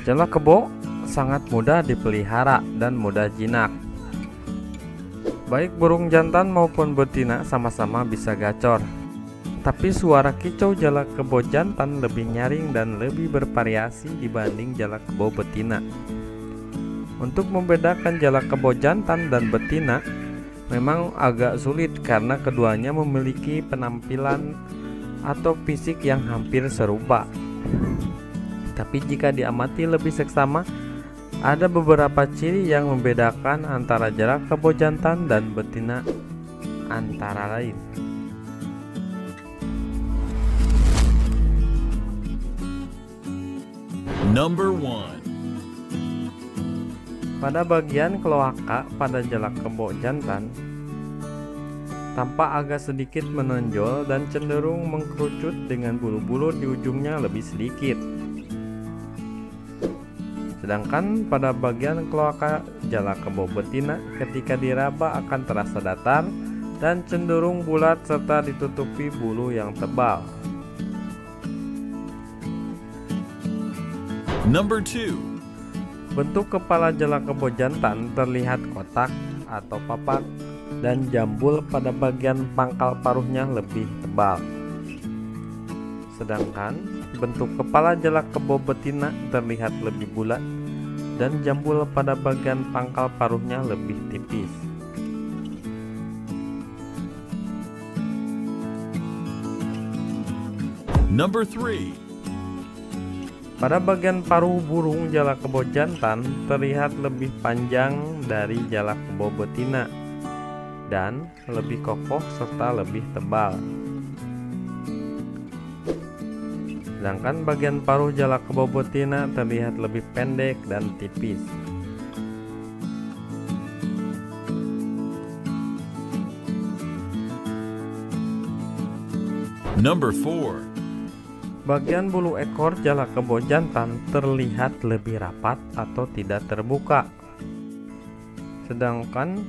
Jelak kebo sangat mudah dipelihara dan mudah jinak. Baik burung jantan maupun betina sama-sama bisa gacor. Tapi suara kicau jalak kebo jantan lebih nyaring dan lebih bervariasi dibanding jalak kebo betina. Untuk membedakan jalak kebo jantan dan betina memang agak sulit karena keduanya memiliki penampilan atau fisik yang hampir serupa. Tapi jika diamati lebih seksama, ada beberapa ciri yang membedakan antara jarak kebo jantan dan betina antara lain. Number one. Pada bagian keloaka pada jarak kebo jantan tampak agak sedikit menonjol dan cenderung mengkerucut dengan bulu-bulu di ujungnya lebih sedikit. Sedangkan pada bagian keluarga jala kebo betina ketika diraba akan terasa datar dan cenderung bulat serta ditutupi bulu yang tebal. Number two. Bentuk kepala jala kebo jantan terlihat kotak atau papat dan jambul pada bagian pangkal paruhnya lebih tebal. Sedangkan bentuk kepala jelak kebo betina terlihat lebih bulat dan jambul pada bagian pangkal paruhnya lebih tipis. Number three. Pada bagian paruh burung jalak kebo jantan terlihat lebih panjang dari jalak kebo betina dan lebih kokoh serta lebih tebal. sedangkan bagian paruh jala kebobotina terlihat lebih pendek dan tipis. Number 4 Bagian bulu ekor jala kebo jantan terlihat lebih rapat atau tidak terbuka. Sedangkan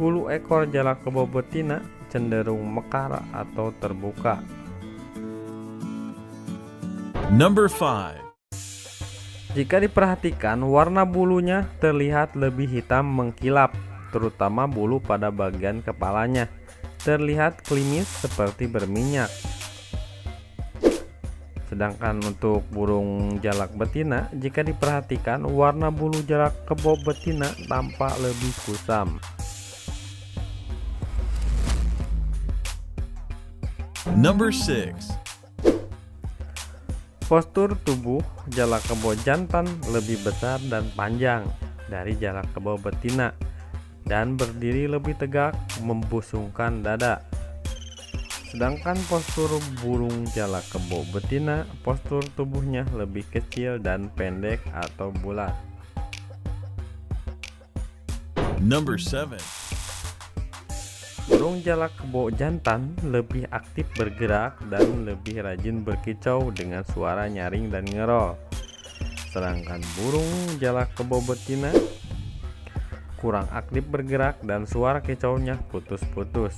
bulu ekor jala kebo betina cenderung mekar atau terbuka. Number 5 Jika diperhatikan, warna bulunya terlihat lebih hitam mengkilap, terutama bulu pada bagian kepalanya. Terlihat klimis seperti berminyak. Sedangkan untuk burung jalak betina, jika diperhatikan, warna bulu jalak kebo betina tampak lebih kusam. Number 6 Postur tubuh jala kebo jantan lebih besar dan panjang dari jala kebo betina dan berdiri lebih tegak membusungkan dada. Sedangkan postur burung jala kebo betina, postur tubuhnya lebih kecil dan pendek atau bulat. Number 7 Burung jalak kebo jantan lebih aktif bergerak dan lebih rajin berkicau dengan suara nyaring dan ngerol. Sedangkan burung jalak kebo betina kurang aktif bergerak dan suara kicaunya putus-putus.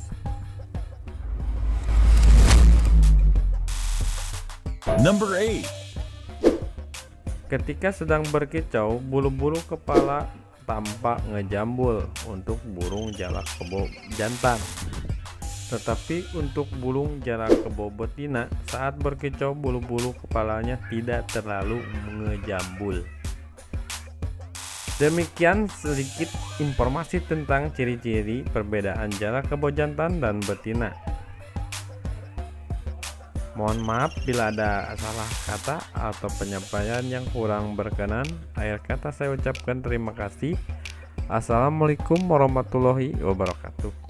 Number 8 Ketika sedang berkicau, bulu-bulu kepala tampak ngejambul untuk burung jalak kebo jantan. Tetapi untuk burung jalak kebo betina, saat berkecoh bulu-bulu kepalanya tidak terlalu ngejambul. Demikian sedikit informasi tentang ciri-ciri perbedaan jalak kebo jantan dan betina. Mohon maaf bila ada salah kata atau penyampaian yang kurang berkenan. Akhir kata saya ucapkan terima kasih. Assalamualaikum warahmatullahi wabarakatuh.